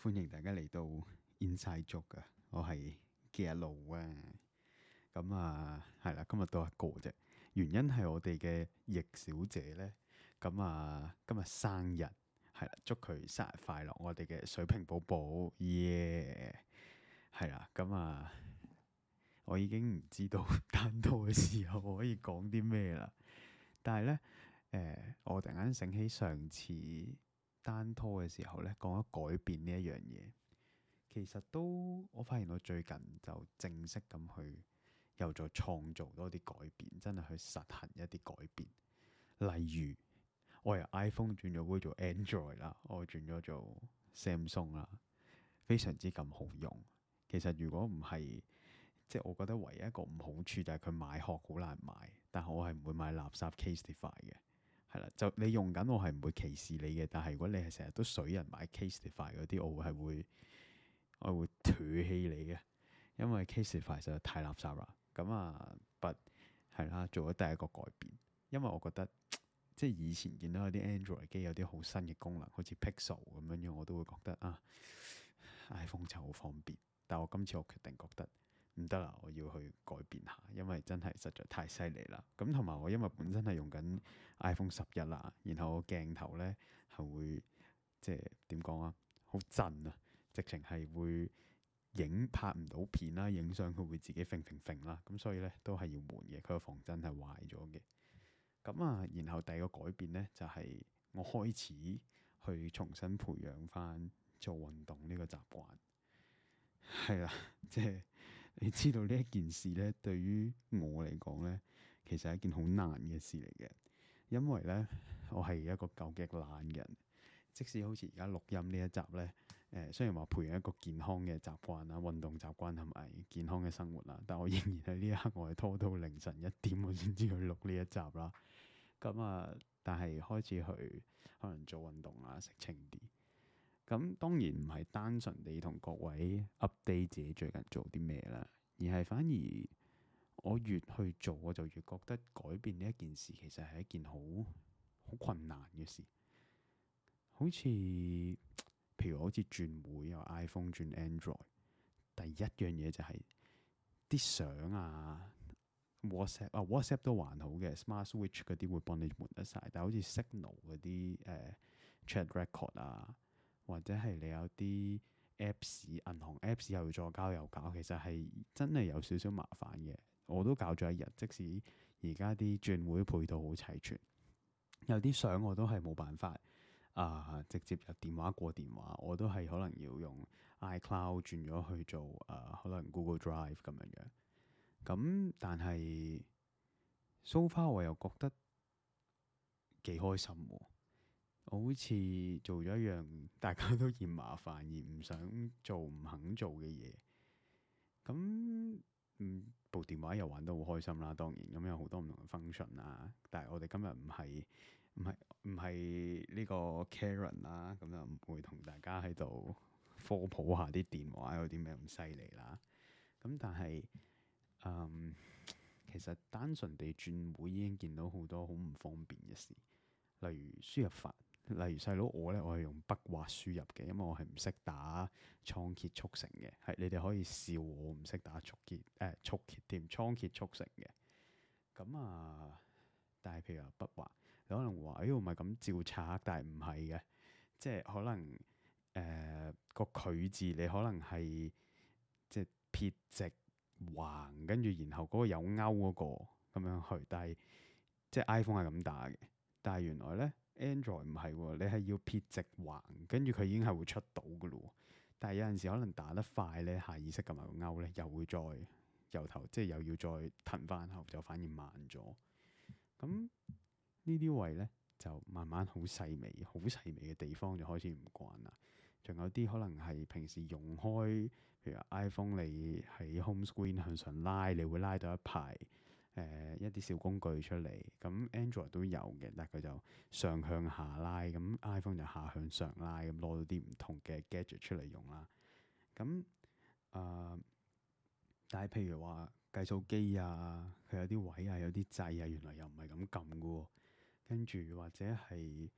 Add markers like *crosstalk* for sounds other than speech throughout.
歡迎大家嚟到 Inside Joke 㗎，我係嘅阿奴啊！咁啊，係啦，今日都係一個啫。原因係我哋嘅易小姐咧，咁啊，今日生日係 *music* 啦，祝佢生日快樂！我哋嘅水瓶寶寶，耶！係啦，咁啊，我已經唔知道 *laughs* 單拖嘅時候可以講啲咩啦。但係咧，誒、呃，我突然間醒起上次。單拖嘅時候咧，講改變呢一樣嘢，其實都我發現我最近就正式咁去又再創造多啲改變，真係去實行一啲改變。例如我由 iPhone 轉咗做 Android 啦，我轉咗做 Samsung 啦，非常之咁好用。其實如果唔係，即係我覺得唯一一個唔好處就係佢買殼好難買，但係我係唔會買垃圾 Casetify 嘅。係啦，就你用緊我係唔會歧視你嘅，但係如果你係成日都水人買 Caseify 嗰啲，我會係會我會唾棄你嘅，因為 Caseify 實在太垃圾啦。咁啊，but 係啦，做咗第一個改變，因為我覺得即係以前見到有啲 Android 機有啲好新嘅功能，好似 Pixel 咁樣樣，我都會覺得啊 iPhone 就好方便。但我今次我決定覺得。唔得啦，我要去改變下，因為真係實在太犀利啦。咁同埋我因為本身係用緊 iPhone 十一啦，然後鏡頭咧係會即係點講啊，好震啊，直情係會影拍唔到片啦，影相佢會自己揈揈揈啦。咁所以咧都係要換嘅，佢個防震係壞咗嘅。咁啊，然後第二個改變咧就係、是、我開始去重新培養翻做運動呢個習慣係啦、啊，即係。你知道呢一件事咧，對於我嚟講咧，其實係一件好難嘅事嚟嘅，因為咧，我係一個究極懶嘅人。即使好似而家錄音呢一集咧，誒、呃、雖然話培養一個健康嘅習慣啦、運動習慣係咪健康嘅生活啦，但我仍然喺呢一刻我係拖到凌晨一點我先至去錄呢一集啦。咁啊，但係開始去可能做運動啊，食清啲。咁當然唔係單純地同各位 update 自己最近做啲咩啦，而係反而我越去做我就越覺得改變呢一件事其實係一件好好困難嘅事。好似譬如好似轉換由 iPhone 轉 Android，第一樣嘢就係、是、啲相啊 WhatsApp 啊 WhatsApp 都還好嘅 Smart Switch 嗰啲會幫你換得晒，但係好似 Signal 嗰啲誒、uh, Chat Record 啊。或者係你有啲 Apps、銀行 Apps 又要再交又搞，其實係真係有少少麻煩嘅。我都搞咗一日，即使而家啲轉會配套好齊全，有啲相我都係冇辦法啊、呃，直接入電話過電話，我都係可能要用 iCloud 轉咗去做啊、呃，可能 Google Drive 咁樣樣。咁但係 so far 我又覺得幾開心喎。我好似做咗一樣大家都嫌麻煩而唔想做唔肯做嘅嘢，咁嗯，部電話又玩得好開心啦，當然咁、嗯、有好多唔同嘅 function 啦。但係我哋今日唔係唔係唔係呢個 Karen 啦，咁就唔會同大家喺度科普下啲電話有啲咩咁犀利啦，咁但係、嗯、其實單純地轉會已經見到好多好唔方便嘅事，例如輸入法。例如細佬我咧，我係用筆畫輸入嘅，因為我係唔識打倉頡速成嘅，係你哋可以笑我唔識打速頡誒速頡添倉頡速成嘅。咁啊，但係譬如話筆畫，你可能話誒唔係咁照拆，但係唔係嘅，即係可能誒、呃那個佢字你可能係即係撇直橫，跟住然後嗰個有勾嗰、那個咁樣去，但係即係 iPhone 係咁打嘅，但係原來咧。Android 唔係喎，你係要撇直橫，跟住佢已經係會出到嘅咯。但係有陣時可能打得快咧，下意識咁樣勾咧，又會再由頭即係又要再騰翻後，就反而慢咗。咁呢啲位咧就慢慢好細微、好細微嘅地方就開始唔慣啦。仲有啲可能係平時用開，譬如 iPhone 你喺 Home Screen 向上拉，你會拉到一排。誒、呃、一啲小工具出嚟，咁 Android 都有嘅，但係佢就上向下拉，咁 iPhone 就下向上拉，咁攞到啲唔同嘅 gadget 出嚟用啦。咁、呃、啊，但係譬如話計數機啊，佢有啲位啊，有啲掣啊，原來又唔係咁撳嘅喎。跟住或者係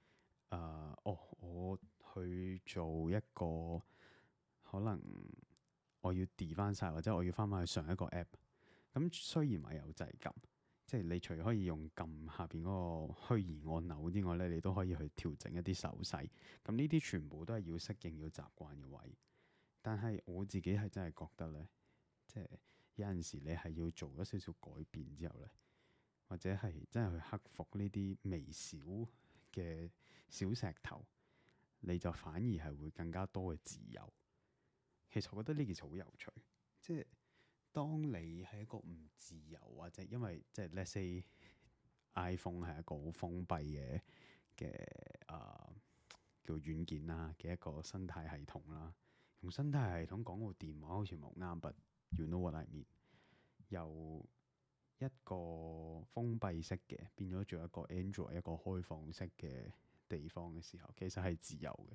啊、呃，哦，我去做一個，可能我要 delete 翻晒，或者我要翻返去上一個 app。咁雖然係有掣撳，即係你除咗可以用撳下邊嗰個虛擬按鈕之外咧，你都可以去調整一啲手勢。咁呢啲全部都係要適應、要習慣嘅位。但係我自己係真係覺得咧，即係有陣時你係要做一少少改變之後咧，或者係真係去克服呢啲微小嘅小石頭，你就反而係會更加多嘅自由。其實我覺得呢件事好有趣，即係。當你係一個唔自由，或者因為即係、即係、let's say iPhone 係一個好封閉嘅嘅啊叫軟件啦嘅一個生態系統啦，用生態系統講個電話好似冇啱噃。But you know what I mean？由一個封閉式嘅變咗做一個 Android 一個開放式嘅地方嘅時候，其實係自由嘅，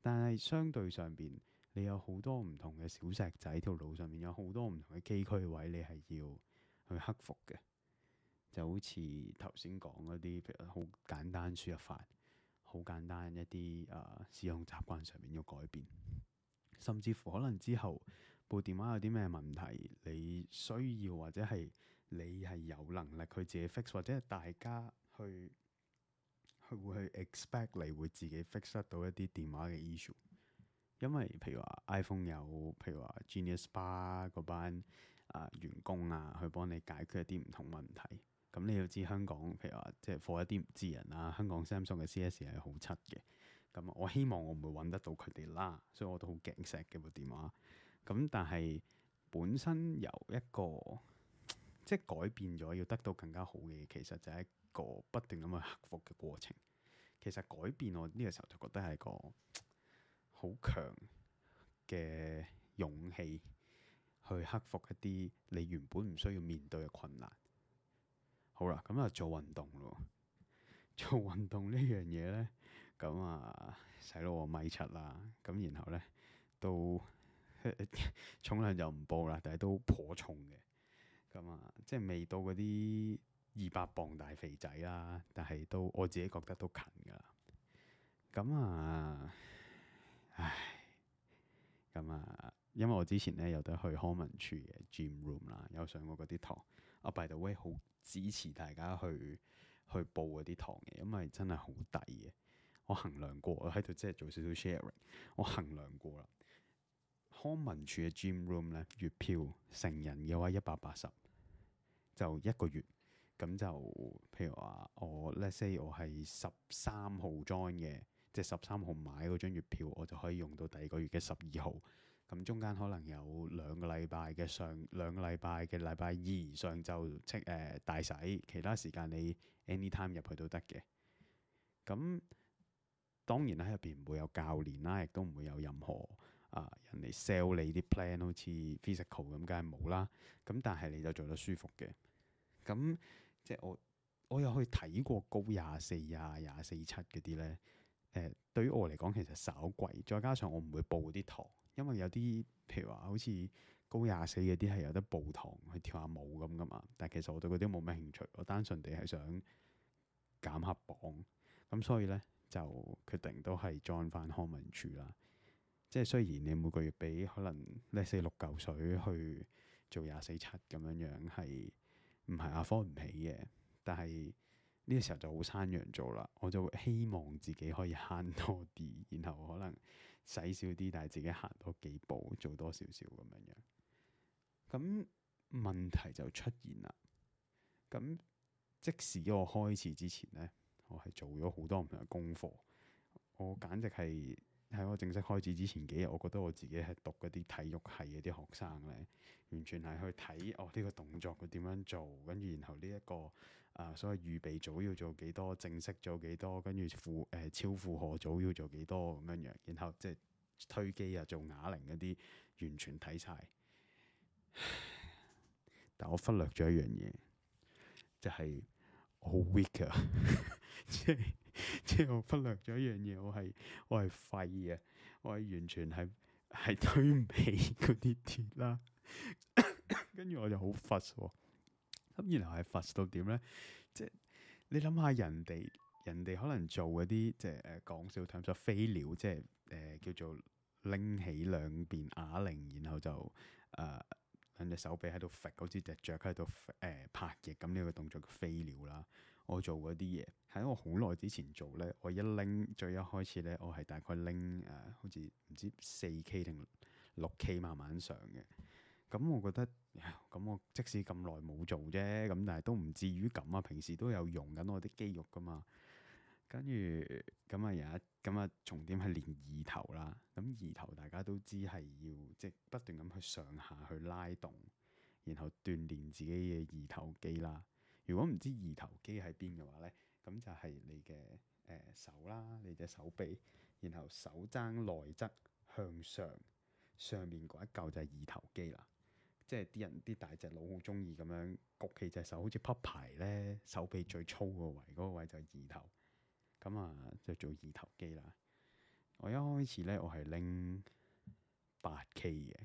但係相對上邊。你有好多唔同嘅小石仔，條路上面有好多唔同嘅崎嶇位，你係要去克服嘅。就好似頭先講嗰啲，譬如好簡單輸入法，好簡單一啲啊、呃，使用習慣上面要改變。甚至乎可能之後部電話有啲咩問題，你需要或者係你係有能力去自己 fix，或者係大家去，會去 expect 你會自己 fix 得到一啲電話嘅 issue。因為譬如話 iPhone 有，譬如話 Genius Bar 嗰班啊員工啊，去幫你解決一啲唔同問題。咁、嗯、你要知香港譬如話，即係貨一啲唔知人啦、啊。香港 Samsung 嘅 C.S. 係好七嘅。咁、嗯、我希望我唔會搵得到佢哋啦，所以我都好驚錫嘅部電話。咁、啊、但係本身由一個即係改變咗，要得到更加好嘅嘢，其實就係一個不斷咁去克服嘅過程。其實改變我呢個時候就覺得係個好強嘅勇氣去克服一啲你原本唔需要面對嘅困難好。好啦，咁啊做運動咯，做運動呢樣嘢咧，咁啊細佬我米七啦，咁然後咧都 *laughs* 重量就唔報啦，但係都頗重嘅。咁啊，即係未到嗰啲二百磅大肥仔啦，但係都我自己覺得都近噶啦。咁啊～唉，咁啊，因為我之前咧有得去康文署嘅 gym room 啦，有上過嗰啲堂。啊，by the way，好支持大家去去報嗰啲堂嘅，因為真係好抵嘅。我衡量過，我喺度即係做少少 sharing，我衡量過啦。康文署嘅 gym room 咧，月票成人嘅話一百八十，就一個月。咁就譬如話，我 let’s say 我係十三號 join 嘅。即係十三號買嗰張月票，我就可以用到第二個月嘅十二號。咁中間可能有兩個禮拜嘅，上兩個禮拜嘅禮拜二上晝即誒大洗，其他時間你 anytime 入去都得嘅。咁當然啦，喺入邊唔會有教練啦，亦都唔會有任何啊人嚟 sell 你啲 plan，好似 physical 咁，梗係冇啦。咁但係你就做得舒服嘅。咁即係我我又去睇過高廿四、廿廿四七嗰啲咧。誒、呃、對於我嚟講，其實稍貴，再加上我唔會報啲堂，因為有啲譬如話好似高廿四嗰啲係有得報堂去跳下舞咁㗎嘛，但係其實我對嗰啲冇咩興趣，我單純地係想減下磅，咁所以咧就決定都係 join 翻康文署啦。即係雖然你每個月俾可能叻四六嚿水去做廿四七咁樣樣係唔係阿科唔起嘅，但係。呢個時候就好山羊做啦，我就希望自己可以慳多啲，然後可能使少啲，但係自己行多幾步，做多少少咁樣樣。咁問題就出現啦。咁即使我開始之前呢，我係做咗好多唔同嘅功課，我簡直係喺我正式開始之前幾日，我覺得我自己係讀嗰啲體育系嘅啲學生呢，完全係去睇我呢個動作佢點樣做，跟住然後呢、這、一個。啊，所以預備組要做幾多，正式做幾多，跟住負誒、呃、超負荷組要做幾多咁樣樣，然後即係推機啊，做啞鈴嗰啲，完全睇曬。但我忽略咗一樣嘢，就係好 weak 啊，即係即係我忽略咗一樣嘢，我係我係廢啊，我係完全係係推唔起嗰啲鐵啦，跟 *laughs* 住我就好佛咁然後係 fast 到點咧？即係你諗下，人哋人哋可能做嗰啲即係誒講笑，探索飛鳥，即係誒、呃呃、叫做拎起兩邊啞鈴，然後就誒兩隻手臂喺度揈，好似隻雀喺度誒拍翼咁，呢個動作叫飛鳥啦。我做嗰啲嘢喺我好耐之前做咧，我一拎最一開始咧，我係大概拎誒、呃、好似唔知四 K 定六 K 慢慢上嘅。咁我覺得。咁我即使咁耐冇做啫，咁但係都唔至於咁啊。平時都有用緊我啲肌肉噶嘛，跟住咁啊，有一咁啊，重點係練二頭啦。咁二頭大家都知係要即、就是、不斷咁去上下去拉動，然後鍛煉自己嘅二頭肌啦。如果唔知二頭肌喺邊嘅話咧，咁就係你嘅誒、呃、手啦，你隻手臂，然後手踭內側向上，上面嗰一嚿就係二頭肌啦。即係啲人啲大隻佬好中意咁樣擱起隻手，好似匹牌咧，手臂最粗個位嗰個位就係二頭咁啊，就做二頭肌啦。我一開始咧，我係拎八 K 嘅，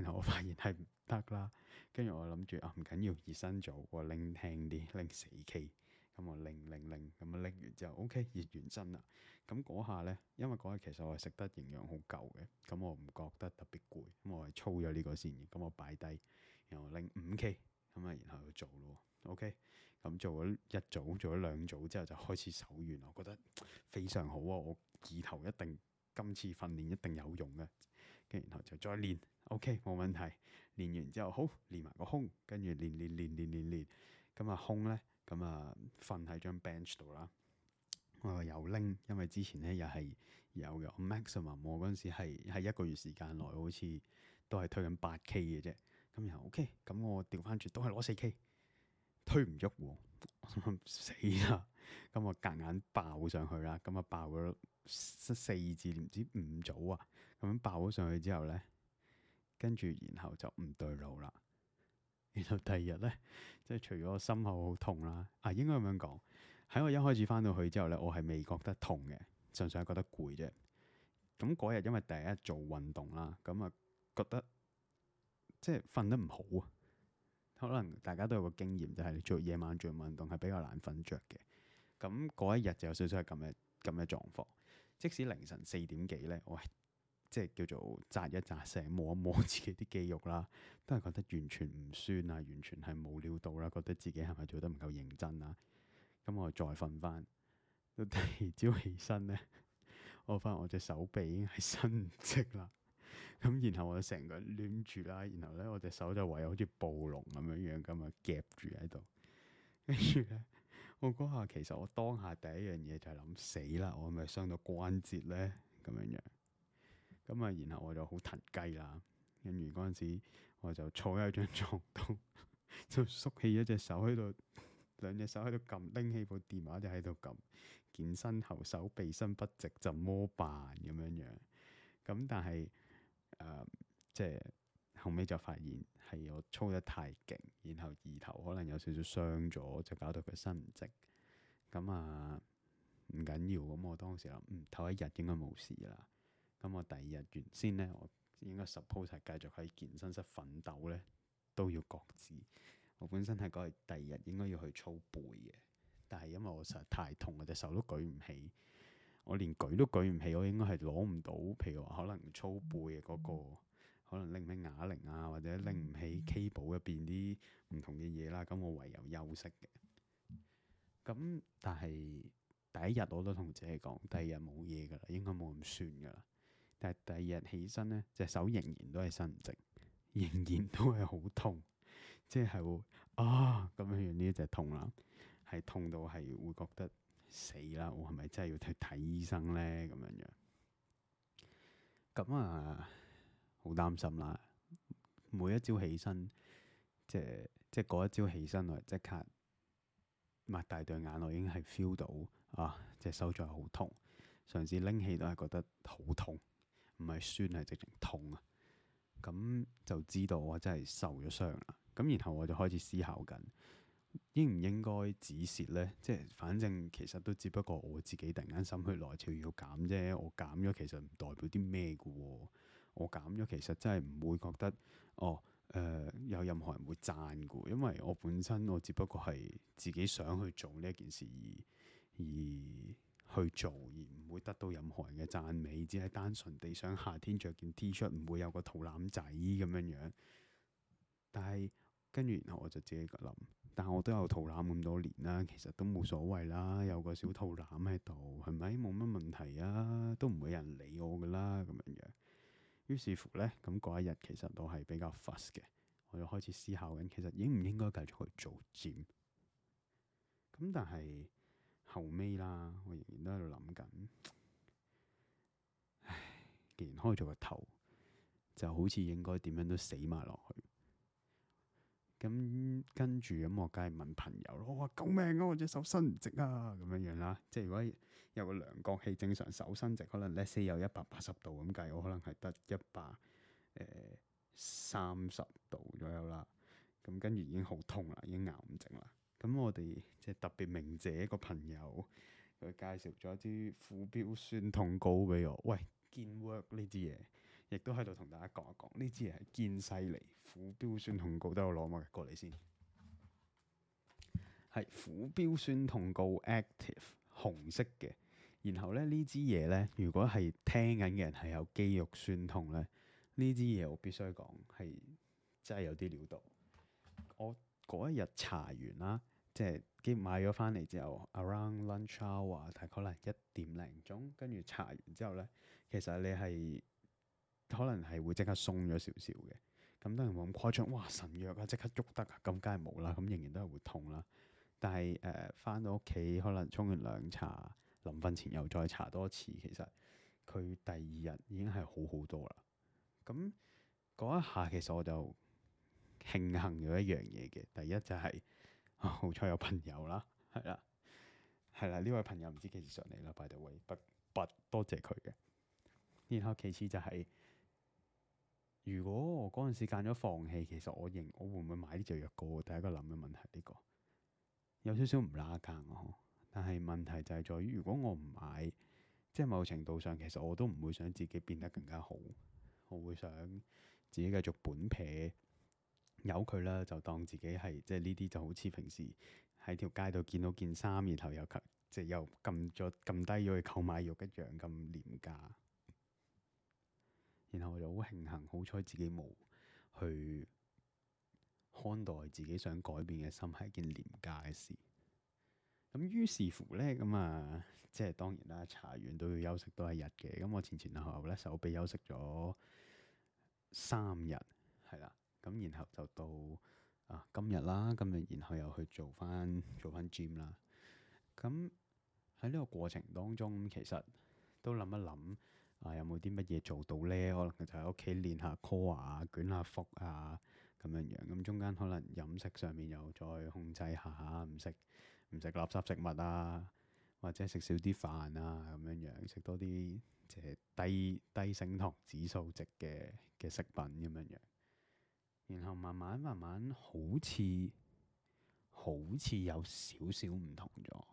然後我發現係唔得啦。跟住我諗住啊，唔緊要，熱身做我拎輕啲，拎四 K 咁我拎拎拎咁啊，拎完之後就 OK，熱完身啦。咁嗰下咧，因為嗰日其實我係食得營養好夠嘅，咁我唔覺得特別攰，咁我係操咗呢個先嘅，咁我擺低，然後拎五 K，咁啊，然後去做咯，OK，咁做咗一組，做咗兩組之後就開始手軟，我覺得非常好啊，我二頭一定今次訓練一定有用嘅，跟然後就再練，OK，冇問題，練完之後好，練埋個胸，跟住練練練練練練，咁啊胸咧，咁啊瞓喺張 bench 度啦。我又拎，因為之前咧又係有嘅。maximum 我嗰 ma 陣、um，時係一個月時間內，好似都係推緊八 K 嘅啫。咁又 OK，咁我調翻轉都係攞四 K，推唔喐，死啦！咁我夾硬，硬爆上去啦，咁啊爆咗四字唔知五組啊，咁樣爆咗上去之後咧，跟住然後就唔對路啦。然後第二日咧，即係除咗心口好痛啦，啊應該咁樣講。喺我一開始返到去之後咧，我係未覺得痛嘅，純粹係覺得攰啫。咁嗰日因為第一做運動啦，咁啊覺得即係瞓得唔好啊。可能大家都有個經驗，就係做夜晚做運動係比較難瞓着嘅。咁嗰一日就有少少係咁嘅咁嘅狀況。即使凌晨四點幾咧，我即係叫做扎一扎，醒摸一摸自己啲肌肉啦，都係覺得完全唔酸啊，完全係冇料到啦，覺得自己係咪做得唔夠認真啊？咁我再瞓翻，到第二朝起身咧，我發現我隻手臂已經係伸唔直啦。咁然後我就成個攣住啦，然後咧我隻手就唯有好似暴龍咁樣樣咁啊，夾住喺度。跟住咧，我嗰下其實我當下第一樣嘢就係諗死啦，我咪傷到關節咧咁樣樣。咁啊，然後我就好騰雞啦。跟住嗰陣時，我就坐喺張床度，就縮起咗隻手喺度。兩隻手喺度撳，拎起部電話就喺度撳健身後手臂身、嗯呃、身不直，怎麼辦咁樣樣？咁、啊、但係即係後尾就發現係我操得太勁，然後二頭可能有少少傷咗，就搞到佢伸唔直。咁啊唔緊要，咁我當時諗，頭、嗯、一日應該冇事啦。咁我第二日原先咧，我應該 suppose 係繼續喺健身室奮鬥咧，都要擱置。我本身係講第二日應該要去操背嘅，但係因為我實在太痛，我隻手都舉唔起，我連舉都舉唔起，我應該係攞唔到，譬如話可能操背嘅嗰個，可能拎起啞鈴啊，或者拎唔起 K 寶入邊啲唔同嘅嘢啦，咁我唯有休息嘅。咁但係第一日我都同自己講，第二日冇嘢噶啦，應該冇咁酸噶啦。但係第二日起身咧，隻手仍然都係伸唔直，仍然都係好痛。即係會啊，咁、哦、樣樣呢隻痛啦，係痛到係會覺得死啦。我係咪真係要去睇醫生咧？咁樣樣咁啊，好擔心啦。每一朝起身，即即嗰一朝起身，我即刻擘大對眼，我已經係 feel 到啊，隻手仲好痛。嘗試拎起都係覺得好痛，唔係酸係直情痛啊。咁就知道我真係受咗傷啦。咁然後我就開始思考緊，應唔應該止蝕呢？即係反正其實都只不過我自己突然間心血來潮要減啫，我減咗其實唔代表啲咩㗎喎。我減咗其實真係唔會覺得，哦、呃、有任何人會讚嘅，因為我本身我只不過係自己想去做呢件事而，而去做，而唔會得到任何人嘅讚美，只係單純地想夏天着件 T 恤，唔會有個肚腩仔咁樣樣。但係。跟住，然後我就自己諗，但我都有肚腩咁多年啦，其實都冇所謂啦，有個小肚腩喺度，係咪冇乜問題啊？都唔會有人理我㗎啦，咁樣樣。於是乎咧，咁嗰一日，其實我係比較 fuss 嘅，我就開始思考緊，其實應唔應該繼續去做 gym？咁但係後尾啦，我仍然都喺度諗緊。唉，既然開咗個頭，就好似應該點樣都死埋落去。咁跟住咁，我梗係問朋友咯。我話救命啊！我隻手伸唔直啊，咁樣樣啦。即係如果有個量角器正常手伸直，可能 let's say 有一百八十度咁計，我可能係得一百誒三十度左右啦。咁跟住已經好痛啦，已經拗唔直啦。咁我哋即係特別鳴謝一個朋友，佢介紹咗啲虎標酸痛膏俾我。喂，見 work 呢啲嘢。亦都喺度同大家講一講呢支嘢係堅犀利。虎標酸痛膏，都有攞埋佢過嚟，先係虎標酸痛膏 active 紅色嘅。然後咧，呢支嘢咧，如果係聽緊嘅人係有肌肉酸痛咧，呢支嘢我必須講係真係有啲料到。我嗰一日搽完啦，即係買咗翻嚟之後，around lunch hour 大概可能一點零鐘，跟住搽完之後咧，其實你係～可能係會即刻鬆咗少少嘅，咁當然冇咁誇張。哇！神藥啊，即刻喐得啊！咁梗係冇啦，咁仍然都係會痛啦。但係誒，翻、呃、到屋企可能沖完涼茶，臨瞓前又再查多次，其實佢第二日已經係好好多啦。咁嗰一下其實我就慶幸咗一樣嘢嘅，第一就係、是、 *laughs* 好彩有朋友啦，係啦，係啦，呢位朋友唔知幾時上嚟啦。By the way。不不多謝佢嘅。然後其次就係、是。如果我嗰陣時揀咗放棄，其實我認我會唔會買呢隻藥膏。第一個諗嘅問題、這個，呢個有少少唔拉更我。但係問題就係在於，如果我唔買，即係某程度上，其實我都唔會想自己變得更加好。我會想自己繼續本撇，由佢啦，就當自己係即係呢啲就好似平時喺條街度見到件衫，然後又即係又撳咗撳低要去購買藥一樣咁廉價。然後我就好慶幸，好彩自己冇去看待自己想改變嘅心係一件廉價嘅事。咁於是乎咧，咁啊，即係當然啦，查完都要休息多一日嘅。咁我前前後後咧，手臂休息咗三日，係啦。咁然後就到啊今日啦，咁啊然後又去做翻做翻 gym 啦。咁喺呢個過程當中，其實都諗一諗。啊！有冇啲乜嘢做到咧？可能就喺屋企練下 core 啊，捲下腹啊，咁樣樣。咁中間可能飲食上面又再控制下啊，唔食唔食垃圾食物啊，或者食少啲飯啊，咁樣樣，食多啲即係低低升糖指數值嘅嘅食品咁樣樣。然後慢慢慢慢好，好似好似有少少唔同咗，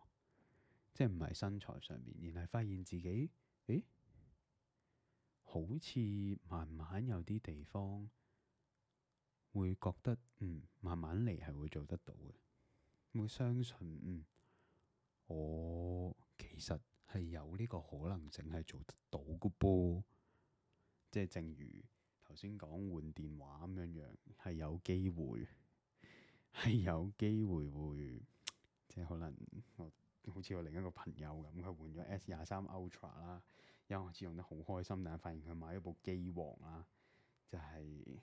即係唔係身材上面，而係發現自己誒，好似慢慢有啲地方會覺得，嗯，慢慢嚟係會做得到嘅，會相信，嗯，我其實係有呢個可能性係做得到嘅噃。即係正如頭先講換電話咁樣樣，係有機會，係有機會會，即係可能我好似我另一個朋友咁，佢換咗 S 廿三 Ultra 啦。因有我次用得好開心，但係發現佢買咗部機王啦、啊，就係、是、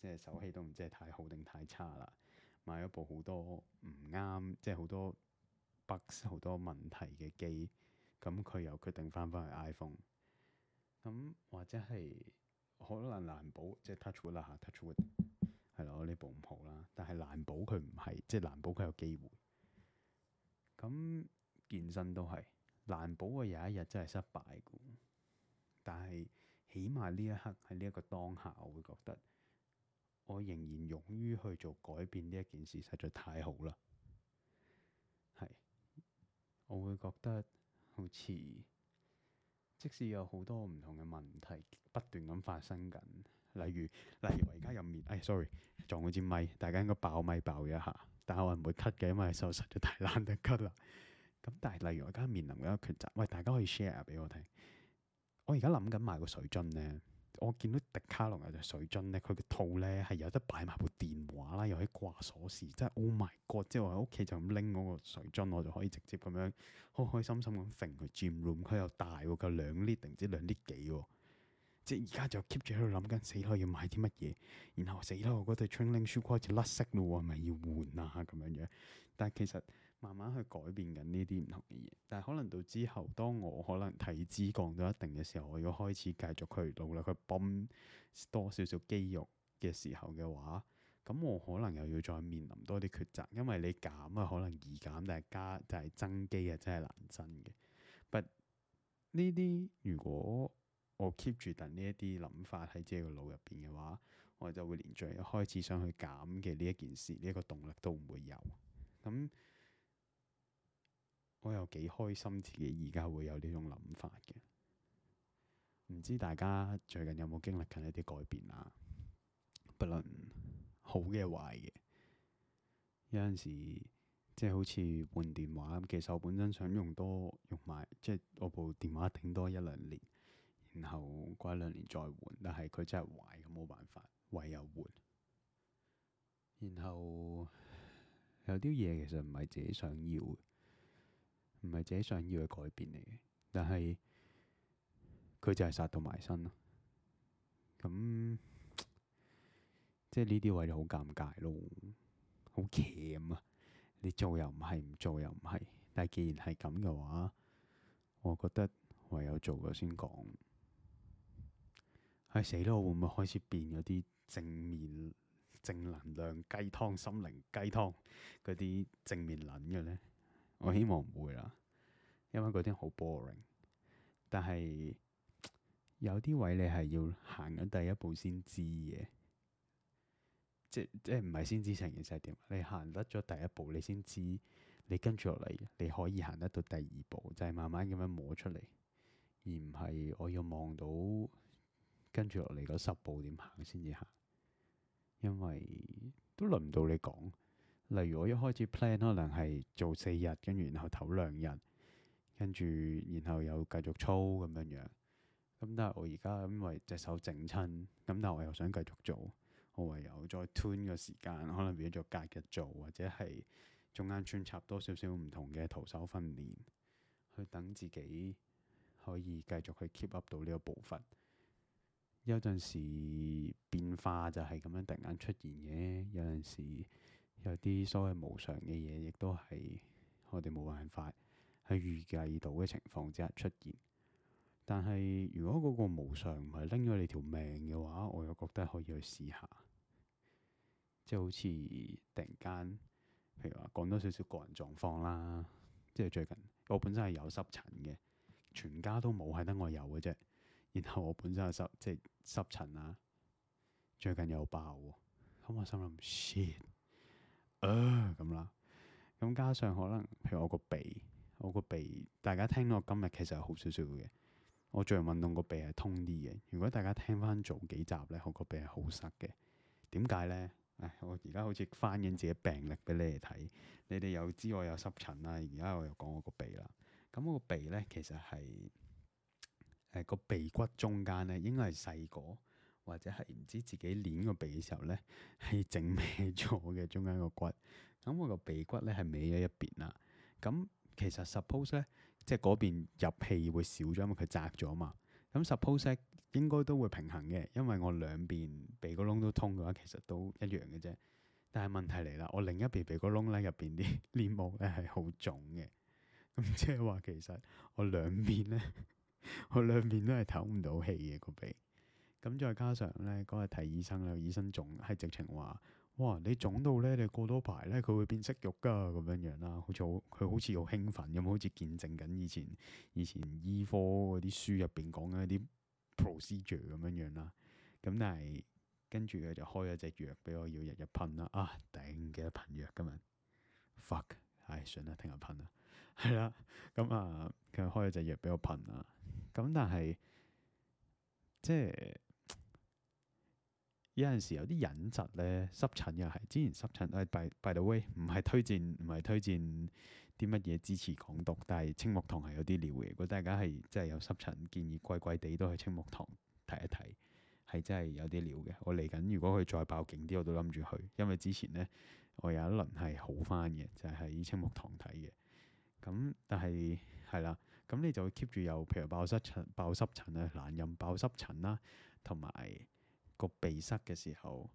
即係手氣都唔知係太好定太差啦。買咗部好多唔啱，即係好多 bug 好多問題嘅機，咁佢又決定翻返去 iPhone。咁或者係可能難保即係 touchwood 啦、啊、嚇，touchwood 係咯，呢部唔好啦，但係難保佢唔係即係難保佢有機會。咁健身都係。難保啊，有一日真係失敗。但係起碼呢一刻喺呢一個當下，我會覺得我仍然勇於去做改變呢一件事，實在太好啦。係，我會覺得好似即使有好多唔同嘅問題不斷咁發生緊，例如例如我而家入面，誒、哎，sorry，撞咗支咪，大家應該爆咪爆一下，但係我唔會咳嘅，因為手實在太難得咳啦。咁但係，例如我而家面臨嘅一個抉擇，喂，大家可以 share 俾我聽。我而家諗緊買個水樽咧，我見到迪卡龍有隻水樽咧，佢個套咧係有得擺埋部電話啦，又可以掛鎖匙，真係 oh my god！即係話我喺屋企就咁拎嗰個水樽，我就可以直接咁樣開開心心咁揈佢 gym room。佢又大、啊，夠兩 lit，定唔知兩 Lit 幾？即係而家就 keep 住喺度諗緊，死可以買啲乜嘢？然後死咯，我嗰對 training shoe 開始甩色咯，係咪要換啊？咁樣樣，但係其實。慢慢去改變緊呢啲唔同嘅嘢，但係可能到之後，當我可能體脂降到一定嘅時候，我要開始繼續去努力去泵多少少肌肉嘅時候嘅話，咁我可能又要再面臨多啲抉擇，因為你減啊可能易減，但係加但係增肌啊，真係難增嘅。But 呢啲如果我 keep 住等呢一啲諗法喺自己個腦入邊嘅話，我就會連最一開始想去減嘅呢一件事，呢一個動力都唔會有咁。我有幾開心，自己而家會有呢種諗法嘅。唔知大家最近有冇經歷緊一啲改變啦、啊？不論好嘅、壞嘅，有陣時即係好似換電話。其實我本身想用多用埋，即係我部電話頂多一兩年，然後過一兩年再換。但係佢真係壞，咁冇辦法，唯有換。然後有啲嘢其實唔係自己想要嘅。唔係自己想要嘅改變嚟嘅，但係佢就係殺到埋身咯。咁即係呢啲位你好尷尬咯，好攰啊！你做又唔係，唔做又唔係。但係既然係咁嘅話，我覺得唯有做過先講。係、哎、死咯，我會唔會開始變嗰啲正面、正能量、雞湯、心靈雞湯嗰啲正面諗嘅咧？我希望唔會啦，因為嗰啲好 boring。但係有啲位你係要行緊第一步先知嘅，即即唔係先知成件事係點，你行得咗第一步，你先知你跟住落嚟你可以行得到第二步，就係慢慢咁樣摸出嚟，而唔係我要望到跟住落嚟嗰十步點行先至行，因為都輪唔到你講。例如我一開始 plan 可能係做四日，跟住然後唞兩日，跟住然後又繼續操咁樣樣。咁但係我而家因為隻手整親，咁但係我又想繼續做，我唯有再 tune 個時間，可能變咗做隔日做，或者係中間穿插多少少唔同嘅徒手訓練，去等自己可以繼續去 keep up 到呢個步伐。有陣時變化就係咁樣突然間出現嘅，有陣時。有啲所謂無常嘅嘢，亦都係我哋冇辦法喺預計到嘅情況之下出現。但係如果嗰個無常唔係拎咗你條命嘅話，我又覺得可以去試下。即係好似突然間，譬如話講多少少個人狀況啦。即係最近我本身係有濕疹嘅，全家都冇，係得我有嘅啫。然後我本身係濕即係濕疹啊，最近又爆、哦，咁我心諗 shit。Sh 咁啦，咁、呃、加上可能，譬如我個鼻，我個鼻，大家聽到我今日其實係好少少嘅。我做完運動個鼻係通啲嘅。如果大家聽翻早幾集咧，我個鼻係好塞嘅。點解咧？唉，我而家好似翻緊自己病歷俾你哋睇，你哋又知我有濕疹啦。而家我又講我個鼻啦。咁我個鼻咧，其實係誒個鼻骨中間咧，應該係細個。或者係唔知自己攣個鼻嘅時候咧，係整歪咗嘅中間個骨。咁我個鼻骨咧，係歪咗一邊啦。咁其實 suppose 咧，即係嗰邊入氣會少咗，因為佢窄咗嘛。咁 suppose 應該都會平衡嘅，因為我兩邊鼻哥窿都通嘅話，其實都一樣嘅啫。但係問題嚟啦，我另一邊鼻哥窿咧，入邊啲黏膜咧係好腫嘅。咁即係話其實我兩邊咧， *laughs* 我兩邊都係唞唔到氣嘅個鼻。咁再加上咧，嗰日睇醫生啦，醫生仲係直情話：哇！你腫到咧，你過多排咧，佢會變息肉噶咁樣樣啦。好似好佢好似好興奮咁，好似見證緊以前以前醫科嗰啲書入邊講嘅啲 procedure 咁樣樣啦。咁但係跟住佢就開咗隻藥俾我要日日噴啦。啊頂嘅噴藥咁 *laughs* 啊！fuck，唉算啦，聽日噴啦。係啦，咁啊佢開咗隻藥俾我噴啊。咁但係即係。有陣時有啲隱疾咧，濕疹又係，之前濕疹都係拜拜到威，唔、哎、係推薦，唔係推薦啲乜嘢支持港獨，但係青木堂係有啲料嘅，我覺得大家係真係有濕疹，建議乖乖地都去青木堂睇一睇，係真係有啲料嘅。我嚟緊，如果佢再爆勁啲，我都諗住去，因為之前咧我有一輪係好翻嘅，就係、是、喺青木堂睇嘅。咁但係係啦，咁你就 keep 住有譬如爆濕疹、爆濕疹啊、難忍爆濕疹啦，同埋，個鼻塞嘅時候，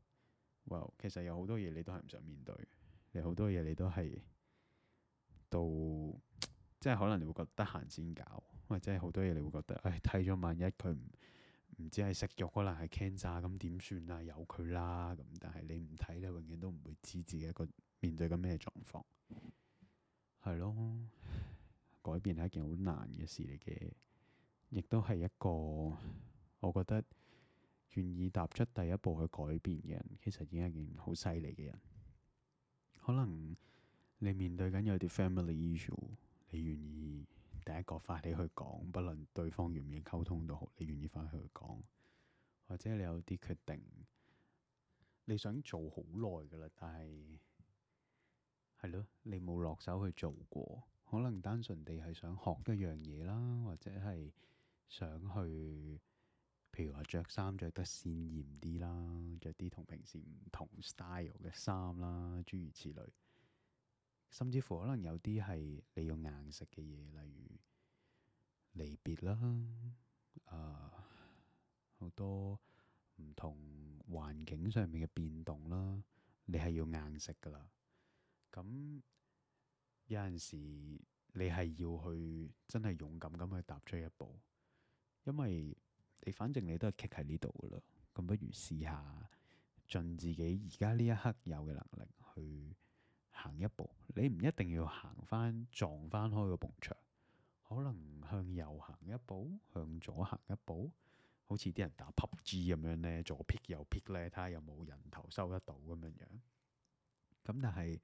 其實有好多嘢你都係唔想面對，有好多嘢你都係到，即係可能你會覺得閒先搞，或者係好多嘢你會覺得，唉、哎，睇咗萬一佢唔唔知係食肉可能係 cancer 咁點算啊？有佢啦咁，但係你唔睇咧，你永遠都唔會知自己一個面對緊咩狀況，係咯，改變係一件好難嘅事嚟嘅，亦都係一個我覺得。願意踏出第一步去改變嘅人，其實已經係一件好犀利嘅人。可能你面對緊有啲 family issue，你願意第一個翻去去講，不論對方願唔願意溝通都好，你願意翻去去講。或者你有啲決定，你想做好耐㗎啦，但係係咯，你冇落手去做過。可能單純地係想學一樣嘢啦，或者係想去。譬如話着衫着得鮮豔啲啦，着啲同平時唔同 style 嘅衫啦，諸如此類。甚至乎可能有啲係你要硬食嘅嘢，例如離別啦，啊、呃、好多唔同環境上面嘅變動啦，你係要硬食噶啦。咁有陣時你係要去真係勇敢咁去踏出一步，因為你反正你都係棘喺呢度噶啦，咁不如試下盡自己而家呢一刻有嘅能力去行一步。你唔一定要行翻撞翻開個墻，可能向右行一步，向左行一步，好似啲人打 PUBG 咁樣咧，左撇右撇咧，睇下有冇人頭收得到咁樣樣。咁但係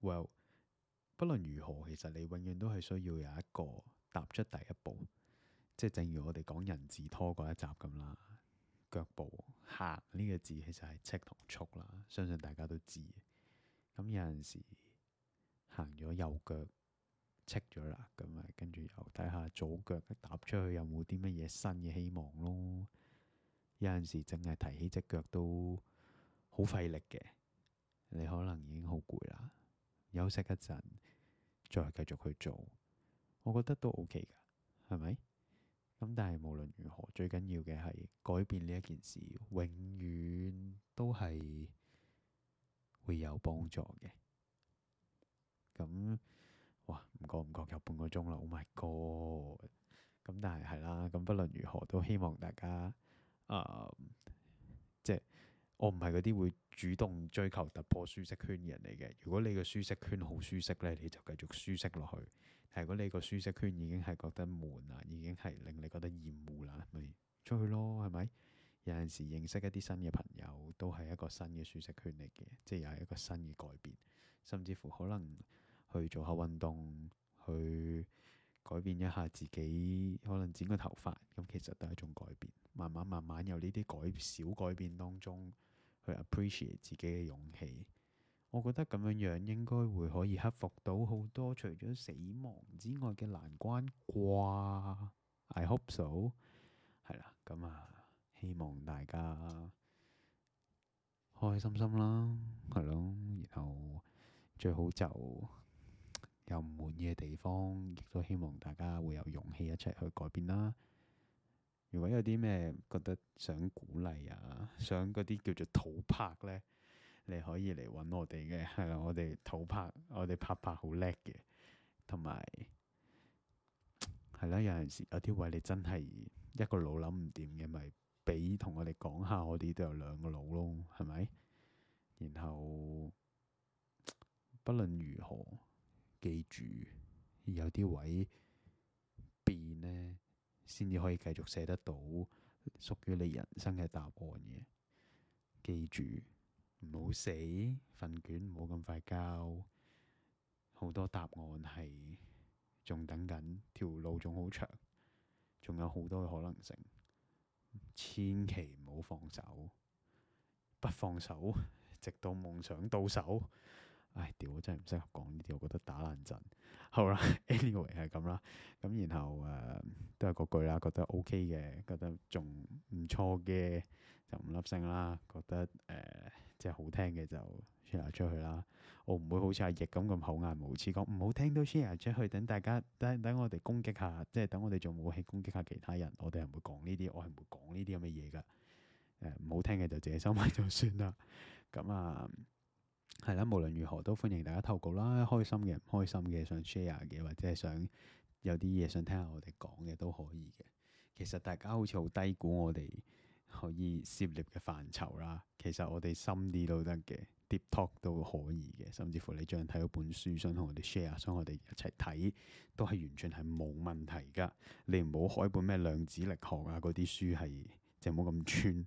，Well，不論如何，其實你永遠都係需要有一個踏出第一步。即係，正如我哋講人字拖嗰一集咁啦，腳步行呢個字其實係赤同束啦，相信大家都知。咁有陣時行咗右腳赤咗啦，咁啊跟住又睇下左腳踏出去有冇啲乜嘢新嘅希望咯。有陣時淨係提起隻腳都好費力嘅，你可能已經好攰啦，休息一陣再繼續去做，我覺得都 OK 㗎，係咪？咁、嗯、但係無論如何，最緊要嘅係改變呢一件事，永遠都係會有幫助嘅。咁、嗯、哇，唔講唔講，有半個鐘啦！Oh my god！咁、嗯、但係係啦，咁、嗯嗯、不論如何，都希望大家、um，即係我唔係嗰啲會主動追求突破舒適圈嘅人嚟嘅。如果你個舒適圈好舒適呢，你就繼續舒適落去。係，如果你個舒適圈已經係覺得悶啦，已經係令你覺得厭惡啦，咪出去咯，係咪？有陣時認識一啲新嘅朋友，都係一個新嘅舒適圈嚟嘅，即係又係一個新嘅改變。甚至乎可能去做下運動，去改變一下自己，可能剪個頭髮，咁其實都係一種改變。慢慢慢慢由呢啲改小改變當中，去 appreciate 自己嘅勇氣。我覺得咁樣樣應該會可以克服到好多除咗死亡之外嘅難關啩，I hope so。係啦，咁啊，希望大家開開心心啦，係咯，然後最好就有唔滿意嘅地方，亦都希望大家會有勇氣一齊去改變啦。如果有啲咩覺得想鼓勵啊， *laughs* 想嗰啲叫做討拍咧。你可以嚟揾我哋嘅，係啦，我哋討拍，我哋拍拍好叻嘅，同埋係啦。有陣時有啲位你真係一個腦諗唔掂嘅，咪俾同我哋講下，我哋都有兩個腦咯，係咪？然後不論如何，記住有啲位變咧，先至可以繼續寫得到屬於你人生嘅答案嘅。記住。唔好死，份卷唔好咁快交，好多答案係仲等緊，條路仲好長，仲有好多嘅可能性，千祈唔好放手，不放手，直到夢想到手。唉，屌，我真係唔適合講呢啲，我覺得打冷震。好啦，anyway 係咁啦，咁然後誒都係嗰句啦，覺得 OK 嘅，覺得仲唔錯嘅就五粒星啦，覺得誒即係好聽嘅就 share 出去啦。我唔會好似阿譯咁咁厚顏無恥講，唔好聽都 share 出去，等大家等等我哋攻擊下，即係等我哋做武器攻擊下其他人，我哋係唔會講呢啲，我係唔會講呢啲咁嘅嘢㗎。誒唔好聽嘅就自己收埋就算啦。咁啊～係啦，無論如何都歡迎大家投稿啦。開心嘅、唔開心嘅、想 share 嘅，或者係想有啲嘢想聽下我哋講嘅都可以嘅。其實大家好似好低估我哋可以涉獵嘅範疇啦。其實我哋深啲都得嘅 deep talk 都可以嘅。甚至乎你最近睇到本書，想同我哋 share，想我哋一齊睇，都係完全係冇問題噶。你唔好開本咩量子力學啊嗰啲書係，就唔好咁鑽。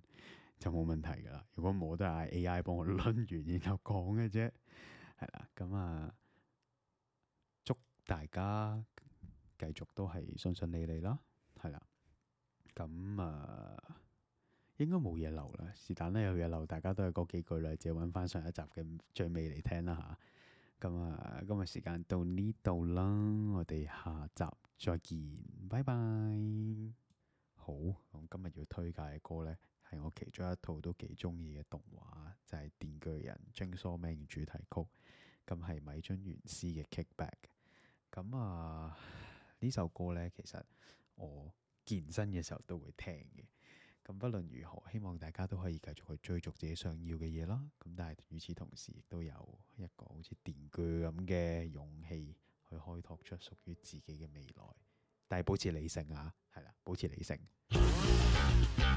就冇問題㗎啦。如果冇都係 A.I. 幫我撚完，然後講嘅啫。係啦，咁、嗯、啊，祝大家繼續都係順順利利啦。係啦，咁、嗯、啊、嗯，應該冇嘢流啦。是但咧，有嘢流，大家都係嗰幾句啦，就揾翻上一集嘅最尾嚟聽啦吓，咁、嗯、啊，今日時間到呢度啦，我哋下集再見，拜拜。好，我、嗯、今日要推介嘅歌咧。係我其中一套都幾中意嘅動畫，就係電鋸人《Jigsaw Man》嘅主題曲，咁係米津玄師嘅《Kickback》。咁、嗯、啊，呢首歌呢，其實我健身嘅時候都會聽嘅。咁、嗯、不論如何，希望大家都可以繼續去追逐自己想要嘅嘢啦。咁、嗯、但係與此同時，亦都有一個好似電鋸咁嘅勇氣，去開拓出屬於自己嘅未來。但係保持理性啊，係啦，保持理性。